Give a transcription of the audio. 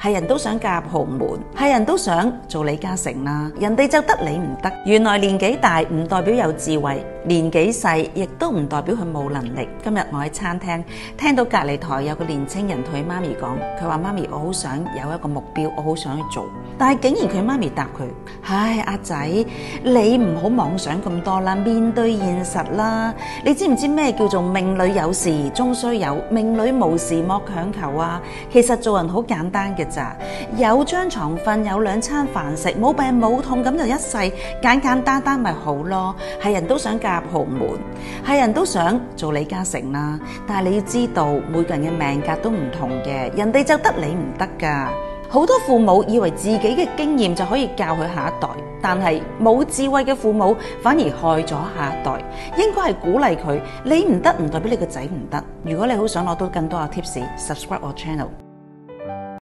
係人都想嫁入豪門，係人都想做李嘉誠啦，人哋就得你唔得，原來年紀大唔代表有智慧。年幾細亦都唔代表佢冇能力。今日我喺餐廳聽到隔離台有個年輕人同佢媽咪講，佢話：媽咪，我好想有一個目標，我好想去做。但係竟然佢媽咪答佢：唉，阿仔，你唔好妄想咁多啦，面對現實啦。你知唔知咩叫做命裏有時終須有，命裏無時莫強求啊？其實做人好簡單嘅咋，有張床瞓，有兩餐飯食，冇病冇痛咁就一世，簡簡單單咪好咯。係人都想嫁入豪門，係人都想做李嘉誠啦。但係你要知道，每個人嘅命格都唔同嘅，人哋就得你唔得㗎。好多父母以為自己嘅經驗就可以教佢下一代，但係冇智慧嘅父母反而害咗下一代。應該係鼓勵佢，你唔得唔代表你個仔唔得。如果你好想攞到更多嘅 tips，Subscribe 我 channel。